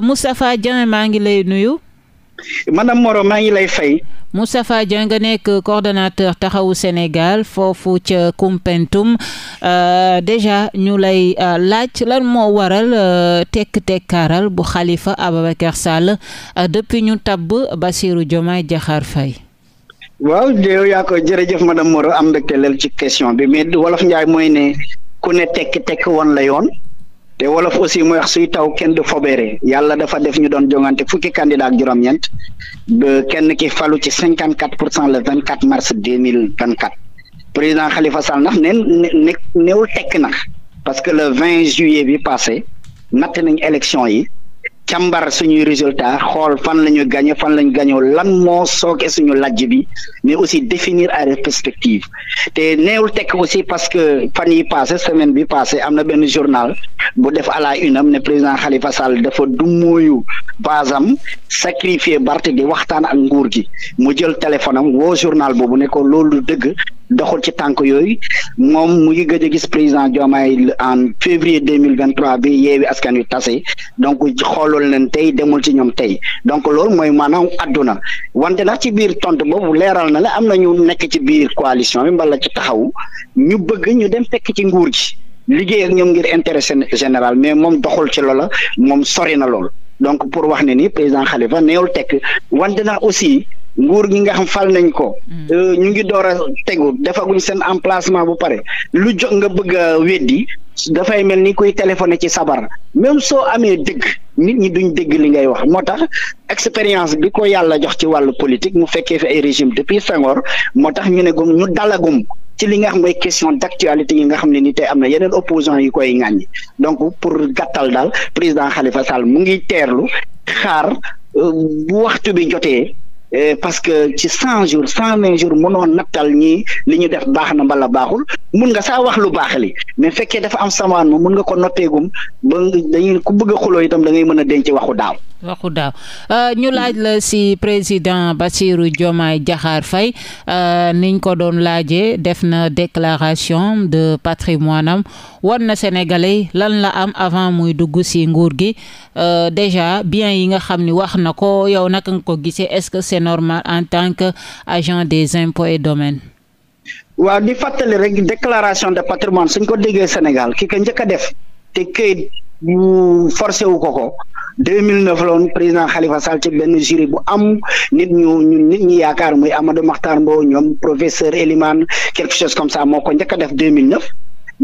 Moustapha Dieng maa ngi lay nuyu. madame moro maa ngi lay fay. Moustapha Dieng nga nekk coordonnateur taxawu Sénégal foofu ca Koumpentoum euh, déjà ñu lay euh, laaj lan moo waral euh, tekk-tekkaaral bu Khalifa Ababacar Sall euh, depuis ñu tabb Bassirou Diomaye Diakhar Faye. waaw yow yaa ko jërëjëf a moro am ndëkkaleel ci question bi mais wolof Njaay mooy ne ku tekk-tekk woon la yoon. te wolof aussi mooy wax suy taw kenn du fobeere yàlla dafa def ñu doon jongante fukki candidat ak juróom-ñeent ba kenn ki falu ci cinquante quatre pour cent le vingt quatre mars deux mille vingt quatre président Khalifa Sall ndax neen ne néewul tekk na parce que le vingt juillet bi passé natt nañ élection yi. càmbar suñuy résultat xool fan la ñu gagné fan la ñu gagné lan moo sooke suñu laaj bi mais aussi définir ay perspective te new tekk aussi parce que fan yi passé semaine bi passé am na benn journal bu def à la am ne président Khalifa Sall dafa dumóoyu basam sacrifié barte di waxtaan ak nguur gi mu jël téléphone am woo journal boobu ne ko loolu dëgg doxul ci tànk yooyu moom mu ngi gëj a gis président Diomaye en février deux mille vingt trois bi yeewi askan wi tase donc xoolul leen tey demul ci ñoom tey donc loolu mooy maanaam àdduna wante nag ci biir tontu boobu leeral na la am na ñu nekk ci biir coalition bi mbala ci taxaw ñu bëgg ñu dem fekk ci nguur gi liggéey ak ñoom ngir intérêt général mais moom doxul ci loola moom sori na lool donc pour wax ne ni président Khalifa neewul tekk wante nag aussi. nguur gi nga xam fal nañ ko. Mm. Euh, ñu ngi door a tegu defaguñ seen emplacement bu pare lu jox nga bëgg a weddi dafay mel ni kuy téléphoné ci sabar même soo amee dëgg nit ñi duñ dégg li ngay wax moo tax expérience bi ko yàlla jox ci wàllu politique mu fekkee fi ay régime depuis Senghor moo tax ñu ne gum ñu dalagum. ci li nga xam mooy question d'actualité yi nga xam ne ni tey am na yeneen opposants yu koy ŋàññi donc pour gàttal daal président Khalifa Sall mu ngi teerlu xaar euh, bu waxtu bi jotee Eh, parce que ci cent jours cent vingt jours mënoo nattal ñi li ñu def baax na mbala baaxul mun nga saa wax lu baax li mais fekkee dafa am samaan mun nga ko notteegum ba dañuy ku bëgg a xuloo itam da ngay mën a denc waxu daaw waxu daaw euh, ñu laaj la si président Bassirou Diomaye Diakhar Faye euh, niñ ko doon laajee def na déclaration de patrimoine am wan na sénégalais lan la am avant muy dugg si nguur gi euh, déjà bien yi nga xam ni wax na ko yow naka nga ko gisee est-ce que c'est normal en tant que agent des impôts et domaines waaw di fàttali rek déclaration de patrimoine suñ ko déggee Sénégal ki ko njëkk a def te këyit ñu forcé wu ko ko 2009 la woon président Khalifa Sall ci benn jury bu am nit ñu nit ñi yaakaar muy Amadou Makhtar Mbow ñoom professeur Elimane quelque chose comme ça moo ko njëkk a def 2009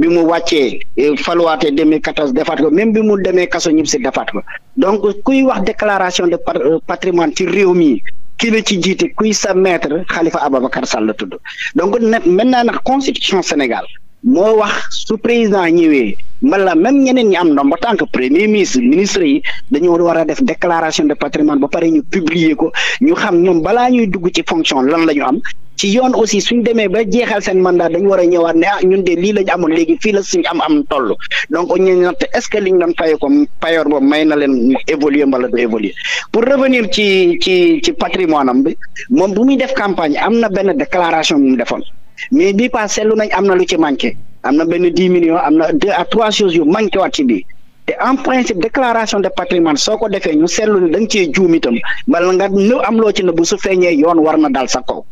bi mu wàccee eh, faluwaatee 2014 defaat ko même bi mu demee kaso ñib si defaat ko donc kuy wax déclaration de euh, patrimoine ci réew mi kii ci jiite kuy sa maître Khalifa Ababacar Sall la tudd donc net maintenant nag constitution Sénégal. moo wax su président ñëwee man la même ñeneen ñi am ndomba ba que premier ministre ministre yi dañoo war a def déclaration de patrimoine ba pare ñu publier ko ñu xam ñoom balaa ñuy dugg ci fonction lan la ñu am ci yoon aussi suñ demee ba jeexal seen mandat dañu war a ñëwaat ne ah ñun de lii lañ amoon léegi fii la suñ am am toll donc ñu natt est ce que liñ doon fayee ko payoor boobu may na leen évoluer mbala du évoluer pour revenir ci ci ci patrimoine am bi moom bu muy def campagne am na benn déclaration bu mu defoon mais bii pas seetlu nañ am na lu ci manqué am na benn dix millions am na deux à trois choses yu manqué wa ci bii te en principe déclaration de patrimoine soo ko defee ñu seetlu ne da nga cee juum na bala nga nëb am loo ci nëbb su feeñee yoon war na dal sa kaw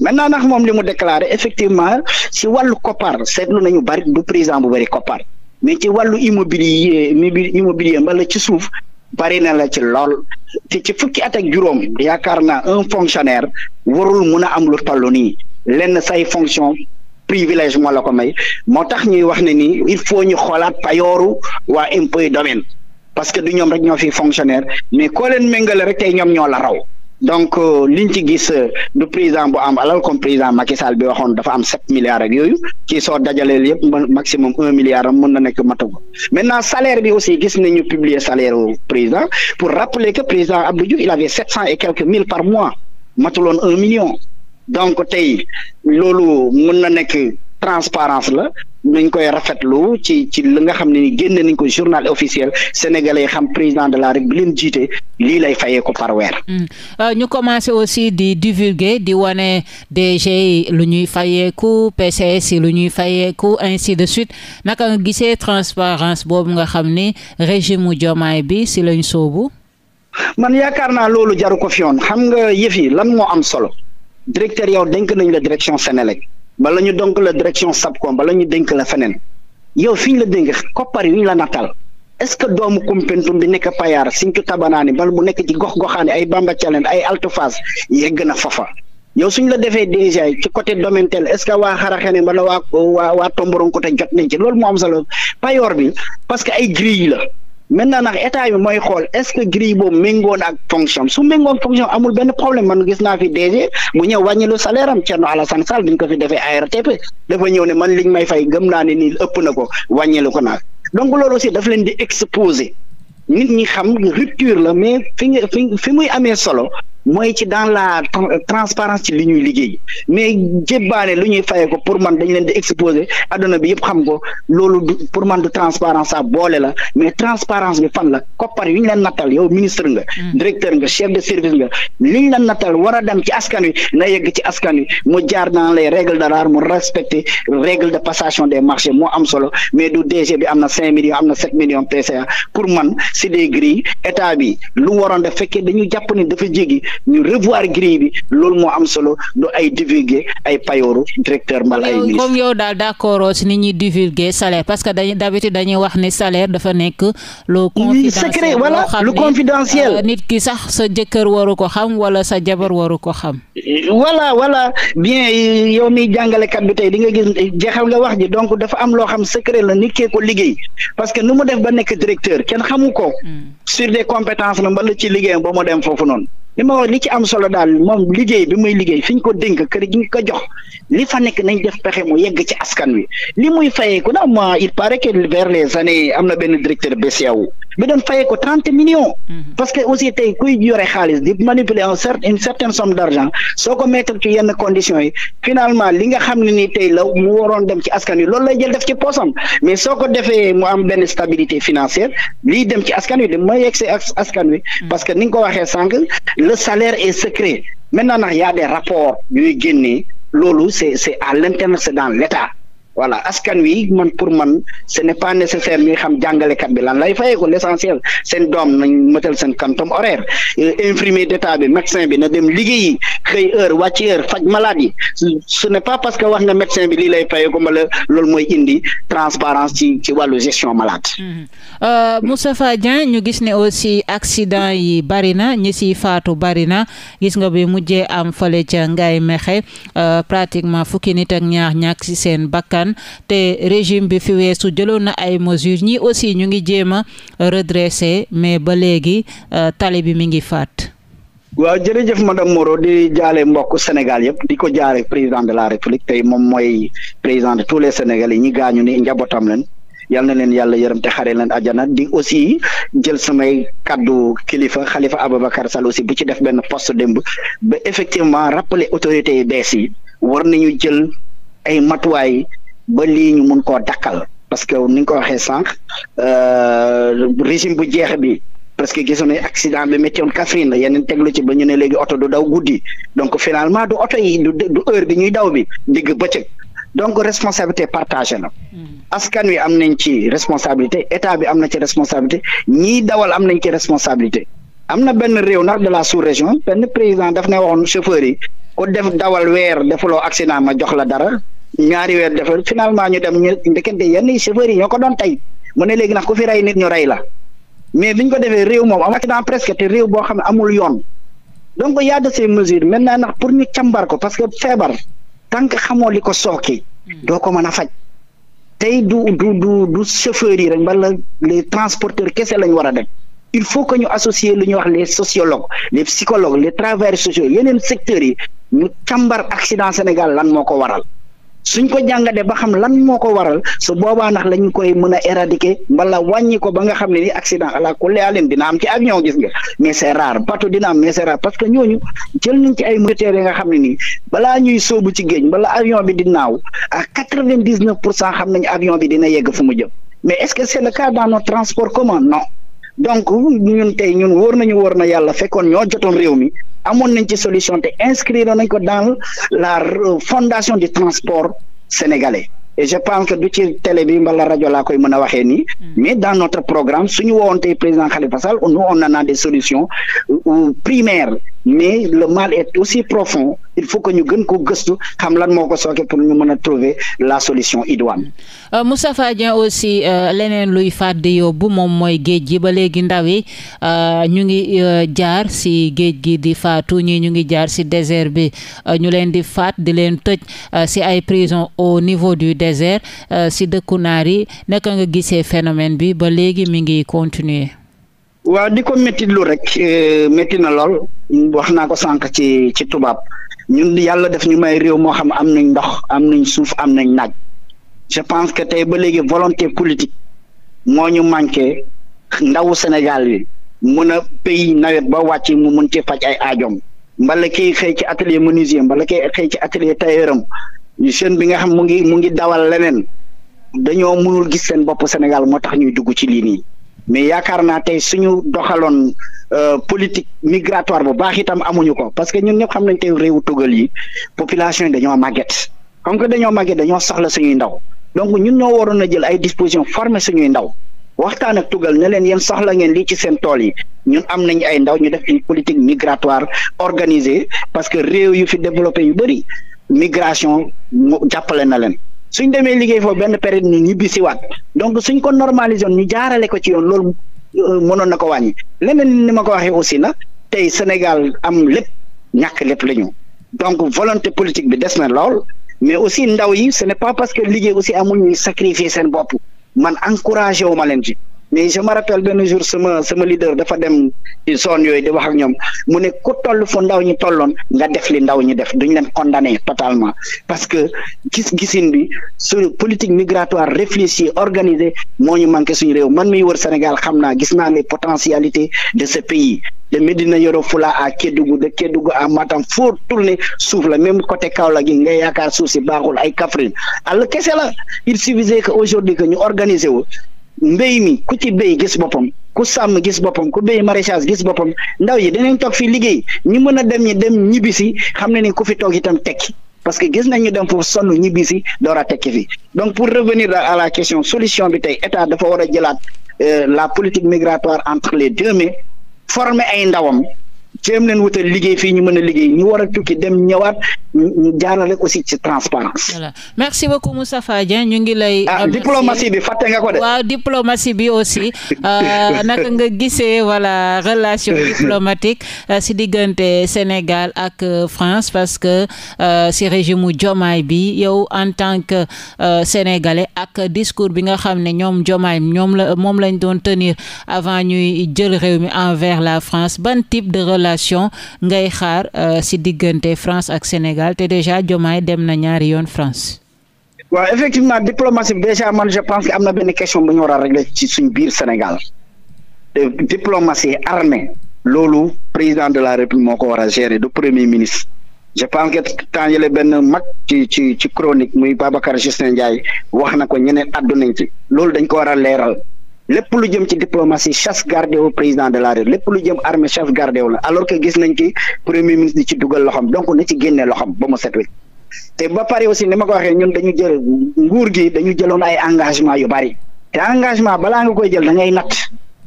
maintenant ndax moom li mu déclaré effectivement si wàllu koppar seetlu nañu bari du président bu bari koppar mais ci wàllu immobilier immobilier mbala ci suuf bari na la ci lool te ci fukki at ak juróom yaakaar naa un fonctionnaire warul mun a am lu toll nii lenn say fonction privilège moo la ko may moo tax ñuy wax ne ni il faut ñu xoolaat payooru waa impôt yi domaine parce que du ñoom rek ñoo fi fonctionnaire mais ko leen méngale rek tey ñoom ñoo la raw donc euh, liñ ci gis euh, du président bu am alal comme président Macky Sall bi waxoon dafa am sept milliards yooyu ci soo dajaleel yëpp maximum un milliard am mën na nekk matagu maintenant salaire bi aussi gis nañu publier salaire au président pour rappeler que président Abdou Diouf cent et quelques mille par mois matuloon un million donc tey loolu mun na nekk transparence la nañ koy rafetlu ci ci li nga xam ne ni génne nañ ko journal officiel sénégalais xam président de la république jiite lii lay fayee ko par mm. euh, ñu commencé aussi di divulguer di wane DG lu ñuy fayeeku PCS lu ñuy fayeeku ainsi de suite naka nga gisee transparence boobu nga xam ni régime mu Diomaye bi si lañ soobu. man yaakaar naa loolu jaru ko fi yoon xam nga yëf yi lan moo am solo. directeur yow denk nañ la direction Sénélec bala ñu donc la direction SAPCOM bala ñu denk la feneen yow fi ñu la dénk koppar yu ñu la natal est-ce que doomu Koumpentoum bi nekk Payar Sinthiou Tabanaani bal bu nekk ci gox goxaani ay Bamba Thialène ay Alto yegg na fafa yow suñ la defee déjà ci côté domaine tel est-ce que waa Xaraxene bala wa waa waa Tomboronkoto jot nañ ci loolu moo am solo Payor bi parce que ay grilles la. maintenant nag état bi mooy xool est-ce que grille boobu méngóo na ak fonction su méngóo fonction amul benn problème man gis naa fi DG bu ñëw wàññi lu salaire am Thierno Alassane Sall bi ñu ko fi defee ARTP dafa ñëw ne man liñ may fay gëm naa ne nii ëpp na ko wàññilu ko naa donc loolu aussi daf leen di exposer nit ñi xam rupture la mais fi nga fi fi muy amee solo mooy ci dans la transparence ci li ñuy liggéey mais jébbaane lu ñuy fayee ko pour man dañ leen di exposé adduna bi yëpp xam ko loolu pour man du transparence à boole la mais transparence bi fan la koppar yu ñu leen nattal yow ministre nga mm. directeur nga chef de service nga li ñu leen nattal war a dem ci askan wi na yegg ci askan wi mu jaar dans les règles de l'art mu respecter règles de passation des marchés moo am solo mais du DG bi am na cinq millions ñu revoir grille bi loolu moo am solo du ay divulguer ay payooru directeur mbala ay ministre comme yow daal d'accord si ni ñuy divulguer salaire parce que dañuy d'habitude dañuy wax ne salaire dafa nekk loo secret voilà lu euh, nit ki sax sa jëkkër waru ko xam wala sa jabar waru ko xam voilà voilà bien yow miy jàngalekat bi tey di nga gis jeexal nga wax ji donc dafa am loo xam secret la nit kee ko liggéey parce que nu mu def ba nekk directeur kenn xamu ko hmm. sur des compétences la mbala ci liggéeyam ba mu dem foofu noonu li ma wax li ci am solo daal moom liggéey bi muy liggéey fi ko dénk kër gi ñu ko jox li fa nekk nañ def pexe mu yegg ci askan wi li muy fayeeku na ma il paraît que vers les années am na benn directeur BCEAO bi doon fayee ko trente millions. Mhm. parce que aussi tey kuy yore xaalis di manipuler un certain une certaine somme d' soo ko mettre ci yenn conditions yi finalement li nga xam ne ni tey la mu waroon dem ci askan wi loolu lay jël def ci poosam mais soo ko defee mo am benn stabilité financière liy dem ci askan wi de ma yegg see askan wi. Mhm. parce que ni nga ko waxee sànq le salaire est secret maintenant nag y a des rapports yuy génnee loolu c' est à l' interne c' dans l' voilà askan wi man pour man ce n'est pas nécessaire ñuy xam jàngalekat bi lan lay fayee ko l'essentiel seen doom nañ mëtal seen kantom horaire euh, infirmier d'état bi médecin bi na dem liggéeyi xëy heure wàcc heure faj malade yi su n'est pas parce que wax nga médecin bi lii lay fayee ko mbala loolu mooy indi transparence ci ci wàllu gestion malade. Mm-hmm. Euh, Moustapha Dieng ñu gis ne aussi accident yi bari na ñi siy faatu bari na gis nga bi mujjee am fële ca Ngaye Mekhe euh, pratiquement fukki bakkan te régime bi fi weesu jëloon na ay mesures ñi aussi ñu ngi jéem a redresser mais ba léegi euh, tali bi mi ngi faat. waaw jërëjëf madame Moreau di jaale mbokk Sénégal yëpp di ko jaare président de la république tey moom mooy président de tous les sénégalais ñi gaañu ni njabootam leen. yal na leen yàlla yërëm te xare leen àjjana di aussi jël samay kaddu kilifa Khalifa Ababacar Sall aussi bu ci def benn post démb ba effectivement rappeler autorités yi bees yi war ba lii ñu mun koo dakkal parce que ni nga ko waxee sànq euh, régime bu jeex bi parce que gisoon nañ accident bi méttiwoon Kaffrine yeneen teglu ci ba ñu ne léegi oto du daw guddi donc finalement du oto yi du du heure bi ñuy daw bi ndigg ba bëccëg donc responsabilité partagée la hmm. askan wi am nañ ci responsabilité état bi am na ci responsabilité ñiy dawal am nañ ci responsabilité am na benn réew nag de la sous-région benn président daf ne waxoon chauffeur yi ku def dawal weer defuloo accident ma jox la dara ñaari weer defar finalement ñu dem ñu ndekete yenn chauffeurs yi ñoo ko doon tey mu ne léegi nag ku fi rey nit ñu rey la mais bi ñu ko defee réew moom am accident réew boo xam ne amul yoon donc y a de ces mesures maintenant nag pour ñu càmbar ko parce que feebar tant que xamoo li ko sooke doo ko mën a faj tey du du du du chauffeurs yi rek wala les transporteurs kese lañ war a dem il faut que ñu associer lu ñuy wax les sociologues les psychologues les travailleurs sociaux yeneen secteurs yi ñu càmbar accident Sénégal lan moo ko waral suñ ko jàngatee ba xam lan moo ko waral su boobaa ndax lañ koy mën a éradiquer mbala wàññi ko ba nga xam ne ni accident ala kulli alim dina am ci avion gis nga mais c'est rare bateau dina am mais c'est rare parce que ñooñu jël nañ ci ay moteur yi nga xam ne nii balaa ñuy sóobu ci géej bala avion bi di naaw à quatre-vingt-dix-neuf pour cent xam nañ avion bi dina yegg fu mu jëm mais est-ce que c'est le cas dans notre transport commun non donc ñun tey ñun wóor nañu wóor na yàlla fekkoon ñoo jotoon réew mi amoon nañ ci solution te inscrire nañ ko dans la a fondation du transport sénégalais et je pense que du ci télé bi mbala rajo laa koy mën a waxee nii mm. mais dans notre programme ñu woontee président Khalifa Sall nous on en a des solutions euh, primaires mais le mal est aussi profond il faut que ñu gën ko gëstu xam lan moo ko sooke pour ñu mën a trouver la solution idoine. Mm. Euh, Moustapha Dieng aussi euh, leneen luy fàdd yóbbu moom mooy géej gi ba léegi ndaw yi ñu ngi jaar si géej gi di faatu ñii ñu ngi jaar si désert bi ñu leen di faat di leen tëj si ay prison désert euh, si dëkku naar yi naka nga gisee phénomène bi ba léegi mi ngi continuer waaw di ko méttitlu rek euh, métti na lool wax naa ko sànq ci ci tubaab ñun yàlla def ñu may réew moo xam am nañ ndox am nañ suuf am nañ naaj je pense que tey ba léegi volonté politique moo ñu manqué ndawu Sénégal yi mun a pays nawet ba wàcc mu mun ci faj ay aajoom mbala kiy xëy ci atelier menuisier mbala kiy xëy ci atelier tailleuram jeune bi nga xam mu ngi mu ngi dawal leneen dañoo munul gis seen bopp Sénégal moo tax ñuy dugg ci lii nii mais yaakaar naa tey suñu doxaloon euh, politique migratoire bu baax itam amuñu ko parce que ñun ñëpp xam nañ tey réewu tugal yi population yi dañoo màgget comme que dañoo màgget dañoo soxla suñuy ndaw donc ñun ñoo waroon a jël ay dispositions former suñuy ndaw waxtaan ak tugal ne leen yéen soxla ngeen lii ci seen tool yi ñun am nañ ay ndaw ñu def une politique migratoire organisée parce que réew yu fi développé yu bëri migration jàppale na leen suñ demee liggéey foofu benn période ñu ñibbi si waat suñ ko normalisé woon ñu jaarale ko ci yoon loolu euh, mënoon na ko wàññi leneen ni ma ko waxee aussi na te Sénégal am lépp ñàkk lépp la ñu donc volonté politique bi des na lool mais aussi ndaw yi ce n'est pas parce que liggéey aussi amul ñuy sacrifier seen bopp man encouragé wu ma leen ci mais je me rappelle jour sama sama leader dafa dem ci zone yooyu di wax ak ñoom mu ne ku toll fu ndaw ñi tolloon nga def li ndaw ñi def duñ leen condamné totalement parce que gis-gisin bi suñu politique migratoire réfléchie organiser moo ñu manqué suñu réew man miy wër Sénégal xam naa gis naa les potentialités de ce pays de Médina Yoro Fula a Kédougou de Kédougou à Matam foo tourné suuf la même côté kaola gi ngay yaakaar suuf si baaxul ay Kaffrine àll kese la il suffisait que aujourd'hui que ñu organiser wu mbéy mi ku ci béy gis boppam ku sàmm gis boppam ku béy maraîchage gis boppam ndaw yi dinañ toog fii liggéey ñu mën a dem ñi dem ñibbisi xam ne ni ku fi toog itam tekki parce que gis nañ ñu dem foofu sonn ñibbisi door a tekki fi donc pour revenir à la question solution bi tey état dafa war a jëlaat euh, la politique migratoire entre les deux mais former ay ndawam jéem leen wutal liggéey fii ñu mën liggéey ñu war a tukki dem ñëwaat ñu jaarale aussi ci transparence voilà merci beaucoup ñu ngi lay. ah bi fàtte nga ko de. waaw diplomatie bi aussi euh, naka nga gisee wala relation diplomatique euh, si diggante Sénégal ak euh, France parce que si régime mu Diomaye bi yow en tant que sénégalais ak discours bi nga xam ne ñoom Diomaye moom lañ doon tenir avant ñuy jël réew mi envers la France ban type de relation. relation ngay xaar euh, si diggante France ak Sénégal te déjà Diomaye dem na ñaari yoon France. waaw effectivement diplomatie bi déjà man je pense que am na benn question bu ñu war a régler ci suñu biir Sénégal diplomatie armée loolu président de la République moo ko war a gérer du premier ministre. je pense que temps benn mag ci ci ci chronique muy Babacar Justin Ndiaye wax na ko ñeneen àddu nañ ci loolu dañ ko war a leeral lépp lu jëm ci diplomatie chasse gardée au président de la République lépp lu jëm armée chasse gardée wu la alors que gis nañ ki premier ministre ci dugal loxam donc na ci génne loxam ba mu set wecc te ba pare aussi ni ma ko waxee ñun dañu jël nguur gi dañu jëloon ay engagement yu bari te engagement balaa nga koy jël da ngay natt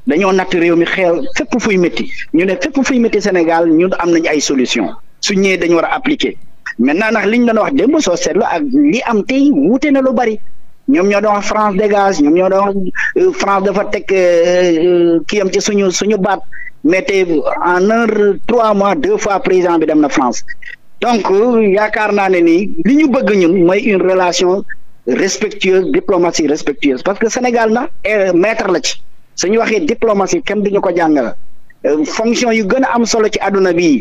dañoo natt réew mi xeel fépp fuy métti ñu ne fépp fuy métti Sénégal ñun am nañ ay solution su ñëwee dañu war a appliquer maintenant nag liñ doon wax démb soo seetlu ak am tey wuute na lu bari ñoom ñoo doon France dégage ñoom ñoo doo euh, France dafa teg euh, euh, kii am ci suñu suñu baat mais te en heure trois mois deux fois président bi dem na France donc yaakaar naa ne ni li ñu bëgg ñun mooy une relation respectueuse diplomatie respectueuse parce que Sénégal na eh, maître la ci suñu waxee diplomatie kenn duñu ko jàngal fonction yu gën a am solo ci àdduna bi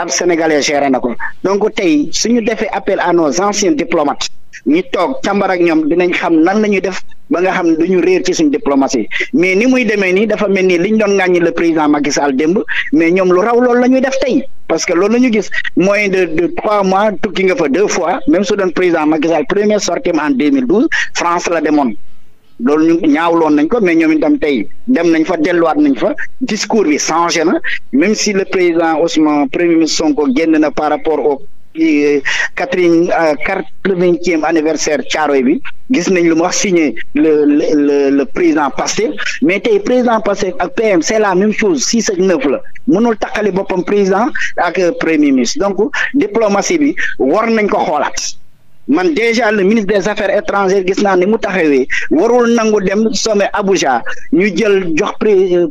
ab sénégalais géré na ko donc tey suñu defee appel à nos anciens diplomates ñi toog càmbar ak ñoom dinañ xam nan la ñuy def ba nga xam ne duñu réer ci suñ diplomatie mais ni muy demee nii dafa mel ni liñ doon ŋàññi le président Macky Sall démb mais ñoom lu raw loolu la ñuy def tey parce que loolu na ñu gis moins de de trois mois tukki nga fa deux fois même su doon président Macky Sall première sortie en France la demoon loolu ñu ñaawloon nañ ko mais ñoom itam tey dem nañ fa delluwaat nañ fa discours bi changé na même si le président Ousmane premier ministre Sonko génn na par rapport au Catherine euh, euh, quatre-vingtième anniversaire Thiaroye bi gis nañ lu mu wax signé le le le président Pastef mais tey président Pastef ak PM c'est la même chose six ak neuf la mënul takkale boppam président ak euh, premier ministre donc diplomatie bi war nañ ko xoolaat man déjà le ministre des affaires étrangères gis naa ni mu taxawee warul nangu dem sommet Abuja ñu jël jox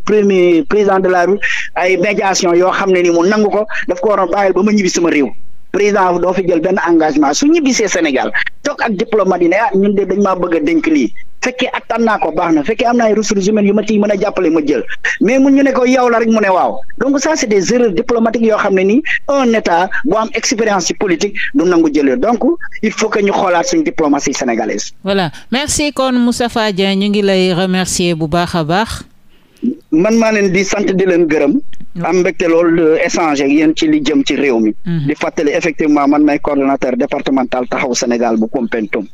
premier président de la rue ay médiation yoo xam ne ni mu nangu ko daf ko war a ba ma ñibbi sama réew président doo fi jël benn engagement su ñibbisee Sénégal toog ak diplomate yi ne ah ñun de dañ maa bëgg a dénk lii fekkee attan naa ko baax na fekkee am na ay ressources humaines yu ma ciy mën a jàppale ma jël mais mun ñu ne ko yow la rek mu ne waaw donc ça c'est des erreurs diplomatiques yoo xam ne nii un état bu am expérience ci politique du nangu jël donc il faut que ñu xoolaat suñ diplomatie sénégalaise. voilà merci kon Moustapha Dieng ñu ngi lay remercier bu baax a baax. man maa leen di sant di leen gërëm. am mbégte loolu échange ak ci li jëm ci réew mi. Mhm. di fàttali effectivement man may coordonnateur départemental taxaw Sénégal bu Koumpentoum.